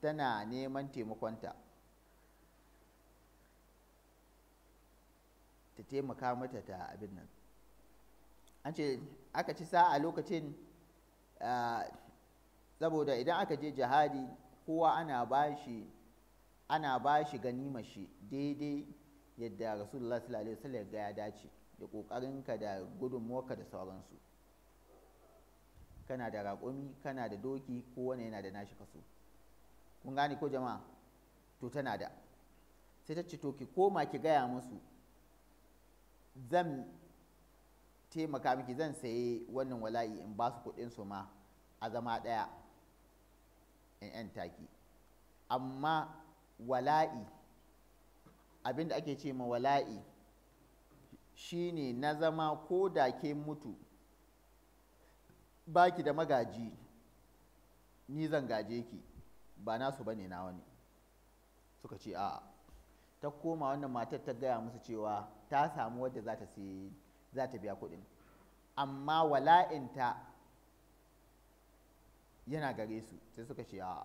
[SPEAKER 1] tana neman taimakonta ta taimaka mata ta abin nan an ce aka ci sa'a lokacin saboda idan aka je jihadi kowa ana ba shi ana ba shi ganima shi daidai yadda rasulullah sallallahu alaihi wasallam ya dace da ƙoƙarinka da gudunmuwarka da sauransu kana da raƙumi kana da doki ko wani yana da nashi kaso kun gane ko jama'a to tana da sai ta ce to ki koma ki gaya musu zan taimaka miki zan sayi wannan wala'i in ba su kuɗin su ma a zama ɗaya in yan taki amma wala'i abinda ake ce ma wala'i shine na zama ko da ke mutu baki da magaji ni zan gaje ki ba nasu ne na wani suka ce a'a ta koma wannan matar ta gaya musu cewa ta samu wadda za ta biya kudin amma wala'inta yana gare su sai suka ce a'a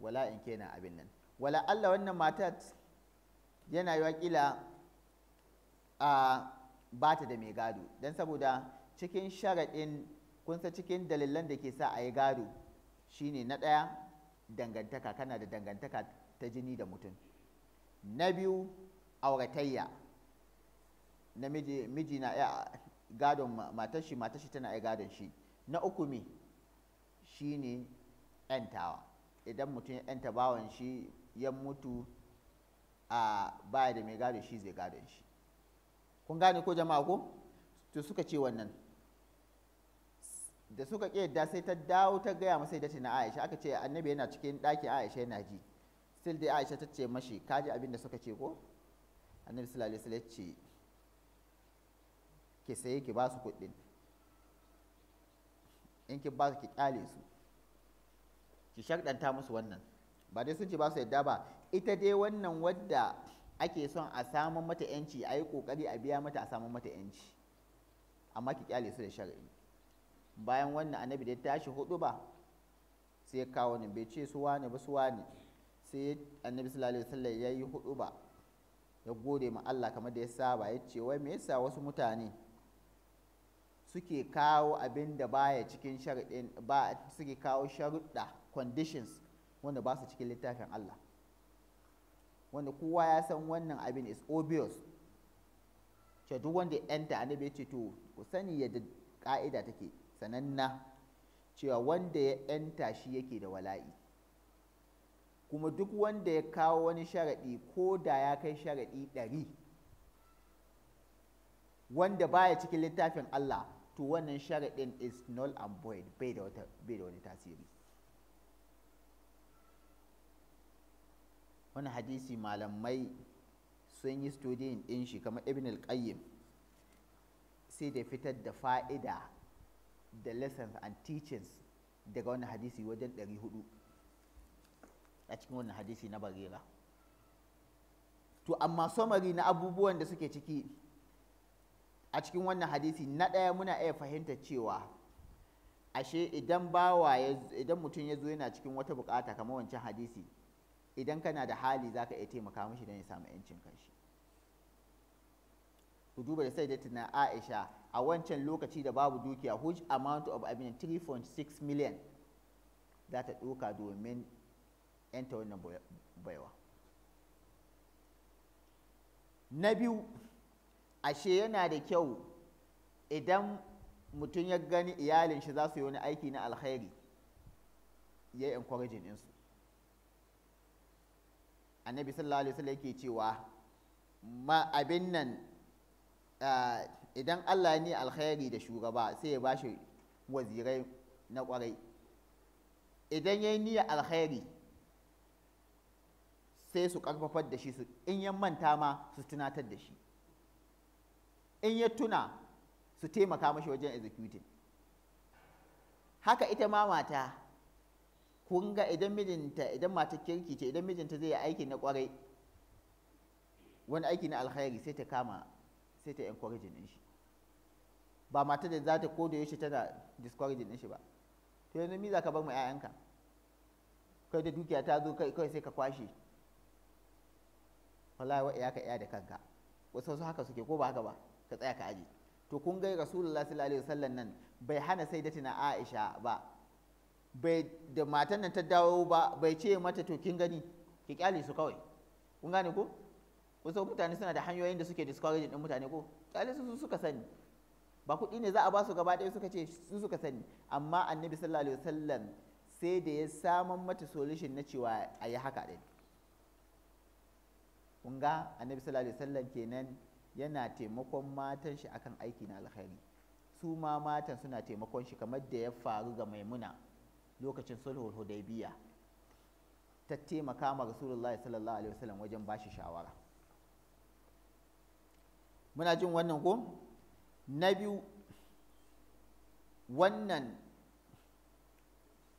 [SPEAKER 1] wala'in kenan abin nan wala Allah wannan matar yana yi wakila a ba ta da mai gado don saboda cikin sharaɗin kunsa cikin dalilan da ke sa a yi gado shi ne na ɗaya dangantaka kana da dangantaka ta jini da mutum na biyu auratayya na miji na iya gadon matashi. Matashi tana iya gadon shi na uku me ne yantawa idan mutum yanta bawan shi ya mutu a baya da mai gado shi zai gado shi kun gane ko jama'a ko to suka ce wannan da suka yadda sai ta dawo ta gaya masa da na Aisha aka ce annabi yana cikin ɗakin Aisha yana ji still dai Aisha ta ce mashi ji abin da suka ce ko annabi sallallahu alaihi wasallam ce ki saye ki ba su kuɗin in ki ba su ki kyale su ki shakdanta musu wannan ba dai sun ce ba su yadda ba ita dai wannan wadda ake son a samun mata yanci a yi kokari a biya mata a samun mata yanci amma ki kyale su da shari'i bayan wannan annabi da ya tashi hudu ba sai ya kawo ne bai ce su wane ba su wane sai annabi sallallahu alaihi wasallam ya yi hudu ba ya gode ma Allah kamar da ya saba ya ce wai me yasa wasu mutane suke kawo abin da baya cikin sharuɗin ba suke kawo sharuɗa conditions wanda ba su cikin littafin Allah wanda kowa ya san wannan abin is obvious ce duk wanda ya yanta annabi ya ce to ku sani yadda ka'ida take sananna cewa wanda ya ‘yanta shi yake da wala'i kuma duk wanda ya kawo wani sharaɗi ko da ya kai sharaɗi ɗari wanda baya cikin littafin Allah to wannan sharaɗin is null and void bai da wani tasiri wani hadisi malamai sun yi studiyin ɗin shi kamar ibn al-qayyim sai da fitar da fa'ida The lessons and teachings daga wannan hadisi wajen 400 a cikin wannan hadisi na barira to amma samari na abubuwan da suke ciki a cikin wannan hadisi na ɗaya muna iya fahimta cewa ashe idan bawa idan mutum ya zo yana cikin wata bukata kamar wancan hadisi idan kana da hali za ka iya taimaka mishi don ya samu 'yancin kanshi ku duba da sai da tunan aisha a wancan lokaci da babu dukiya huge amount of abin 3.6 million za ta ɗoka domin yanta wannan baiwa na biyu ashe yana da kyau idan mutum ya gani iyalin shi za su yi wani aiki na alkhairi ya yi encouraging ɗinsu annabi sallallahu alaihi wasallam yake cewa ma abin nan ah, idan Allah ne alkhairi da shugaba sai ya ba shi wazirai na kwarai idan ya yi niyyar alkhairi sai su karfafar da shi su in ya manta ma su tunatar da shi in ya tuna su taimaka mashi wajen executing haka ita ma mata kunga ga idan mijinta idan mata kirki ce idan mijinta zai yi aiki na kwarai wani aiki na alkhairi sai ta kama sai ta encouraging din shi ba mata da za ta koda yaushe tana discouraging din shi ba to yanzu mi za ka bar mu 'ya'yanka kai da dukiya ta zo kai sai ka kwashe wallahi wa'i ka iya da kanka wasu wasu haka suke ko ba haka ba ka tsaya ka aji to kun ga rasulullahi sallallahu alaihi wasallam nan bai hana sayyidatina aisha ba bai da matan nan ta dawo ba bai ce mata to kin gani ki kyale su kawai kun gane ko wasu mutane suna da hanyoyin da suke discouraging din mutane ko kyale su suka sani ba kuɗi ne za a ba su gaba ɗaya suka ce su suka sani amma annabi sallallahu alaihi wasallam sai da ya saman mata solution na cewa a yi haka ɗin kun ga annabi sallallahu alaihi wasallam kenan yana taimakon matan shi akan aiki na alkhairi su ma matan suna taimakon shi kamar da ya faru ga maimuna lokacin sulhul hudaybiya ta taimaka ma rasulullahi sallallahu alaihi wasallam wajen bashi shawara muna jin wannan ko na biyu wannan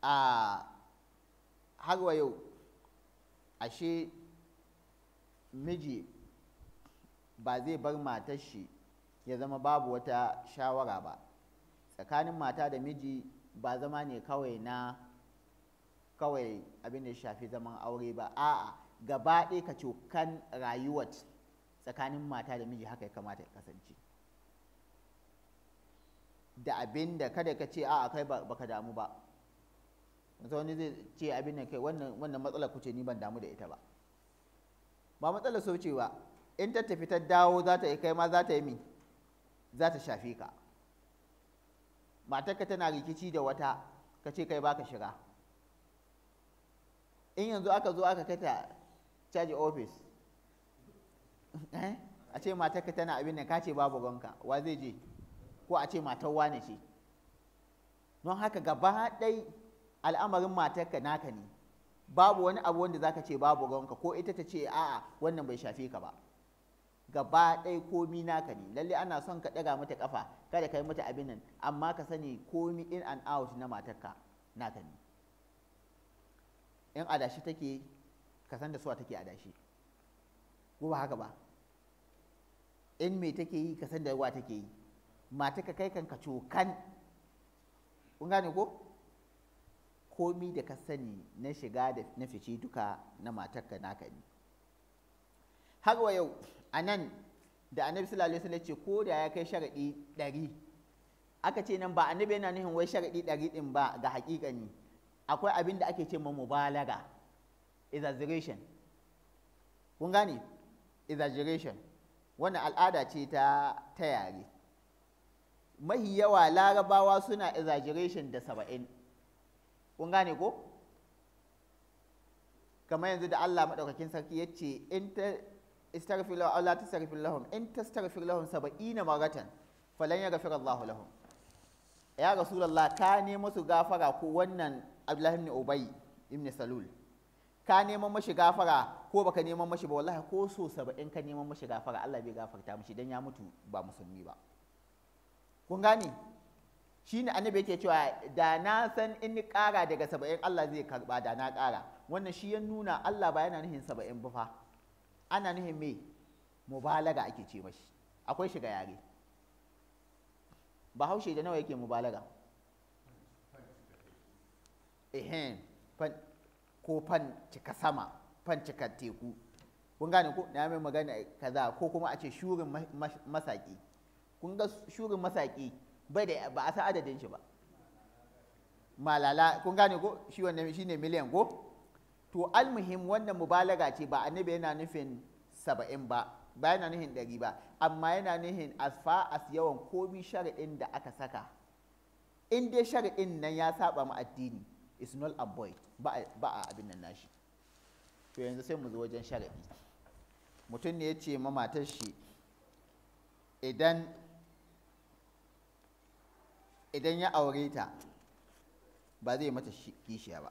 [SPEAKER 1] a har yau ashe miji ba zai bar matar ya zama babu wata shawara ba tsakanin mata da miji ba zama ne kawai na kawai abin da shafi zaman aure ba a'a gaba ɗaya ka cokan rayuwar tsakanin mata da miji haka ya kamata ya kasance da abin da kada ka ce a kai baka damu ba yanzu wani zai ce abin da kai wannan matsalar kuce ni ban damu da ita ba ba matsalar so ce ba in ta tafi ta dawo za ta yi kai ma za ta yi mi za ta shafe ka matarka tana rikici da wata ka ce kai baka shiga in yanzu aka zo aka kai ta caji ofis Eh? a ce matarka tana abin nan ka babu gonka wa zai je ko a ce matar wane ce don haka gaba ɗai al'amarin matarka naka ne babu wani abu wanda zaka ce babu gonka ko ita ta ce a'a wannan bai shafe ka ba gaba ɗai komi naka ne lalle ana son ka ɗaga mata kafa kada ka yi mata abin nan amma ka sani komi in and out na matarka naka ne in adashi take ka san da suwa take adashi ko ba haka ba in me take yi ka san da wa take yi mata ka kai kanka cokan kun gane ko komi da ka sani na shiga da na fice duka na matarka naka ne har wa yau a nan da annabi sallallahu alaihi wasallam ce ko da ya kai sharadi ɗari aka ce nan ba annabi yana nuhin wai sharadi ɗari din ba ga ne akwai abin da ake ce ma mubalaga exaggeration kun gane exaggeration wannan al'ada ce ta ta yare mahi yawa larabawa suna exaggeration da saba'in kun gane ko kamar yanzu da Allah maɗaukakin sarki ya ce in ta istarfi lahum Allah ta istarfi lahum in ta starfi lahum saba'ina maratan falan ya gafira Allah lahum ya rasulullah ka nemo su gafara ko wannan Abdullahi ibn Ubay ibn Salul ka nemo mashi gafara ko baka neman mashi ba wallahi ko so saba'in ka neman mashi gafara Allah bai gafarta mashi dan ya mutu ba musulmi ba kun gane shine annabi yake cewa da na san in ni kara daga saba'in Allah zai karba da na kara wannan shi ya nuna Allah ba yana nuhin saba'in ba fa ana nuhin me mubalaga ake ce mashi akwai shiga yare bahaushe da nawa yake mubalaga ehen ko fan cika sama fancikar teku kun gane ko na mai magana kaza ko kuma a ce shurin masaki kun ga shurin masaki bai da ba a san adadin shi ba malala kun gane ko shi wannan ne miliyan ko to almuhim wannan mubalaga ce ba annabi yana nufin saba'in ba ba yana nufin ɗari ba amma yana nufin as far as yawan komi shari'in da aka saka in dai shari'in nan ya saba ma addini is not a boy ba a abin nan nashi to yanzu sai mu zo wajen sharadi mutum ne ya ce ma matar shi idan idan ya aure ta ba zai mata kishiya ba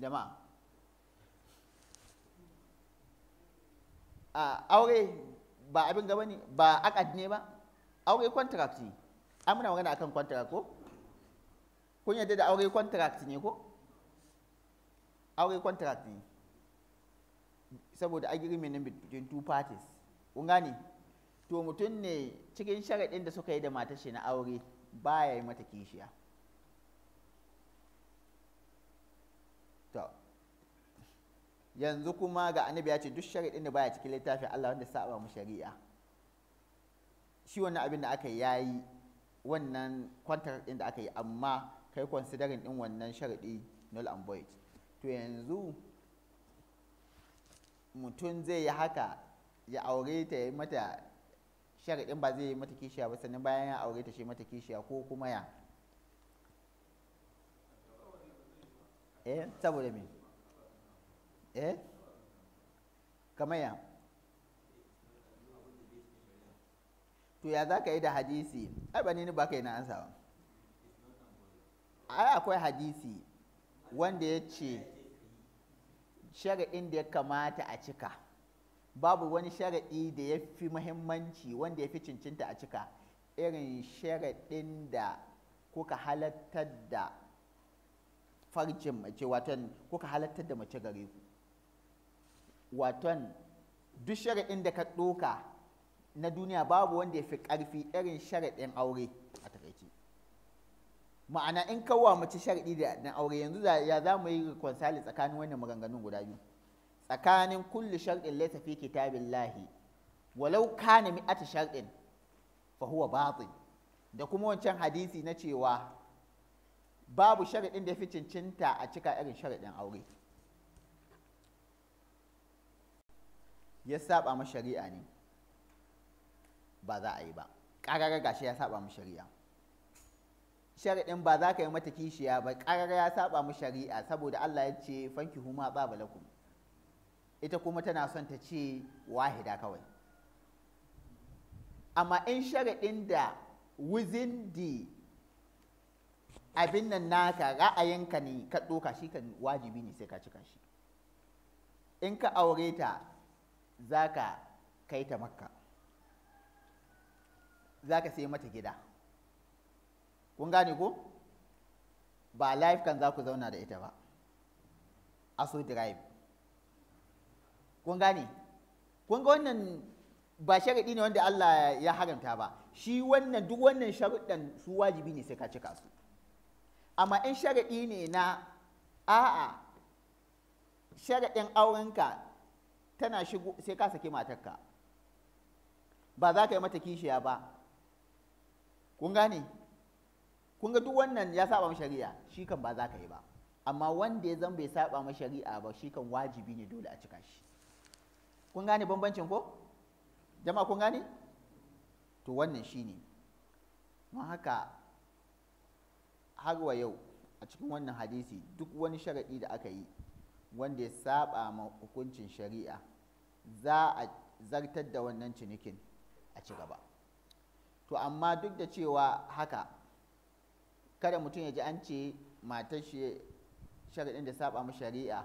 [SPEAKER 1] jama'a a aure ba abin gaba ne ba akad ne ba aure contract ne an muna magana akan contract ko kun yadda da aure contract ne ko aure contract ne saboda agreement ne between two parties kun gane to mutum ne cikin sharaɗin da suka yi da mata shi na aure baya yi mata kishiya to yanzu kuma ga annabi ya ce duk sharaɗin da baya cikin littafi Allah wanda saba mu shari'a shi wannan abin da aka yayi wannan contract din da aka yi amma kai considering din wannan sharaɗi null and void to yanzu mutum zai yi haka ya aure ta yi mata sharaɗin ba zai yi mata kishiya ba sannan bayan ya aure ta shi mata kishiya ko kuma ya eh saboda me eh kamar ya to ya za ka yi da hadisi ai ba ni ba ka yi na ba ai akwai hadisi wanda ya ce shari'in da ya kamata a cika babu wani shari'i da ya fi muhimmanci wanda ya fi cincinta a cika irin shari'in da kuka halattar da farcin mace waton kuka halattar da mace gare ku waton duk shari'in da ka ɗoka na duniya babu wanda ya fi ƙarfi irin shari'in aure ma'ana in kawo mace sharɗi da na aure yanzu ya za mu yi konsali tsakanin wannan maganganun guda biyu tsakanin kulle sharɗin laysa fi lahi walau kana mi'ata sharɗin fa huwa batil da kuma wancan hadisi na cewa babu sharɗin da ya fi cincinta a cika irin sharɗin aure ya saba ma shari'a ne ba za a yi ba ƙararra gashi ya saba ma shari'a sharaɗin ba za ka yi mata kishiya ba ƙarar ya saba mu shari'a saboda Allah ya ce fanki huma ba balakum ita kuma tana son ta ce wahida kawai amma in sharaɗin da within the abin nan naka ra'ayinka ne ka ɗoka shi kan wajibi ne sai ka cika shi in ka aure ta za ka kai ta makka za ka sai mata gida kun gane ko ba live kan za ku zauna da ita ba aso drive kun gane kun ga wannan ba sharaɗi ne wanda Allah ya haramta ba shi wannan duk wannan sharuɗan su wajibi ne sai ka cika su amma in sharaɗi ne na a'a sharaɗin aurenka tana shigo sai ka saki matarka ba za ka yi mata kishiya ba kun gane kun ga duk wannan ya saba shari'a shi kan ba za ka yi ba amma wanda ya zan bai saba ma shari'a ba shi kan wajibi ne dole a cika shi kun gane bambancin ko jama'a kun gane to wannan shi ne. ma haka har wa yau a cikin wannan hadisi duk wani sharaɗi da aka yi wanda ya saba ma hukuncin shari'a za a zartar da wannan cinikin a ci gaba to amma duk da cewa haka kada mutum ya ji an ce matar shi sharaɗin da saba mu shari'a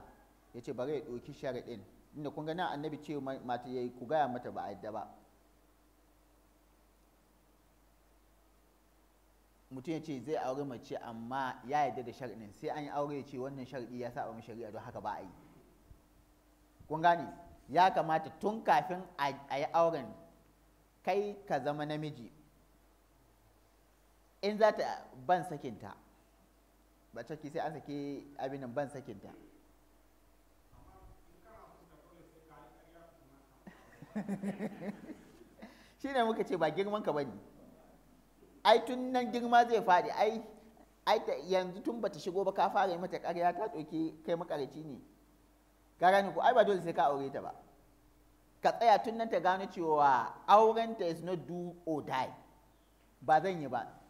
[SPEAKER 1] ya ce bari ya ɗauki sharaɗin inda kun ga nan annabi ce mata ya yi ku gaya mata ba a yadda ba mutum ya ce zai aure mace amma ya yarda da sharaɗin sai an yi aure ya ce wannan sharaɗi ya saba mu shari'a don haka ba a yi kun gane ya kamata tun kafin a yi auren kai ka zama namiji in za ta ban sakinta ba caki sai an sake abinan ban sakinta shi ne muka ce ba girman ka bane ai tun nan girma zai faɗi ai ai yanzu tun bata shigo ba ka fara yi mata ƙarya ta ɗauki kai makarici ne ka gane ku ai ba dole sai ka aure ta ba ka tsaya tun nan ta gano cewa aurenta is not do or die ba zan yi ba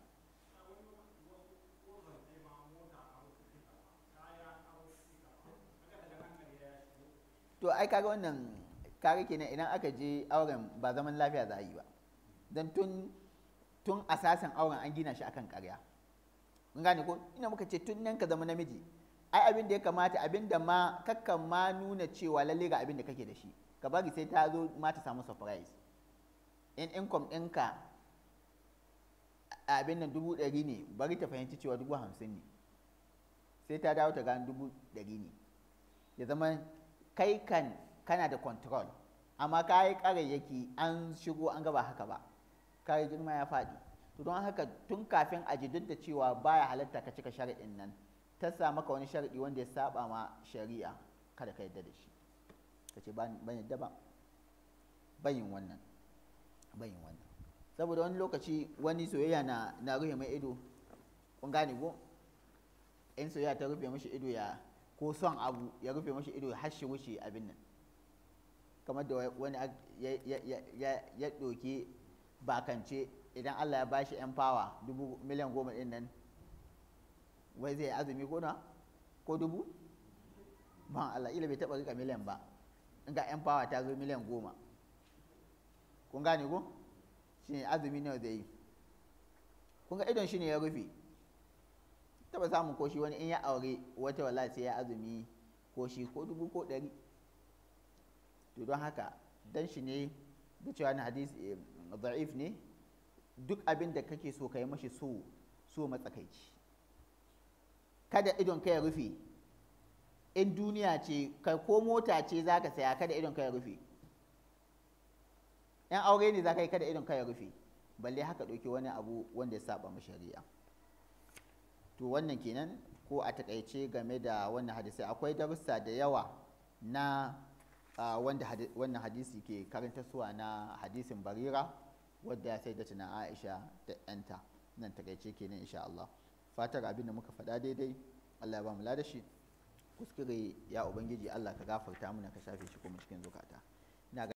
[SPEAKER 1] to ai kaga wannan kaga kenan idan aka je auren ba zaman lafiya za a yi ba don tun tun asasin auren an gina shi akan karya in gane ko ina muka ce tun nan ka zama namiji ai abin da ya kamata abin da ma kakkan ma nuna cewa lalle ga abin da kake da shi ka bari sai ta zo ma ta samu surprise in income ɗinka abin nan dubu ɗari ne bari ta fahimci cewa dubu hamsin ne sai ta dawo ta gane dubu ɗari ne ya zama kai kan kana da control amma ka yi ƙarayyaki an shigo an gaba haka ba ka yi girma ya faɗi to don haka tun kafin a ji duk da cewa baya halatta ka cika shari'in nan ta sa maka wani shari'i wanda ya saba ma shari'a kada ka yadda da shi ka ce ban yadda ba bayin wannan bayin wannan saboda wani lokaci wani soyayya na na rufe mai ido kun gane ko in soyayya ta rufe mishi ido ya ko son abu ya rufe mashi ido ya hashe wuce abin nan kamar da wani ya doke bakance idan Allah ya bashi yan fawa dubu miliyan goma ɗin nan wai zai azumi ko na ko dubu ban Allah ila bai taɓa rika miliyan ba in ga yan fawa ta zo miliyan goma kun gane ko shi azumi nawa zai yi kun ga idon shi ne ya rufe taba samun ko shi wani in ya aure wata wala sai ya azumi ko shi ko dubu ko ɗari to don haka dan shi ne da cewa na hadis eh, da'if ne duk abin da kake so ka yi mashi so so matsakaici kada idon ka ya rufe in duniya ce kai ko mota ce za ka saya kada idon ka ya rufe yan aure ne za ka yi kada idon ka ya rufe balle haka ɗauki wani abu wanda ya saba mashari'a shari'a to wannan kenan ko a takaice game da wannan hadisi akwai darussa da yawa na wannan hadisi ke suwa na hadisin barira wadda sai da na aisha da yanta nan takaice kenan insha Allah fatar abin da muka faɗa daidai Allah ya ba mu ladashi kuskure ya ubangiji Allah ka gafarta mana ka shafe shi kuma cikin zukata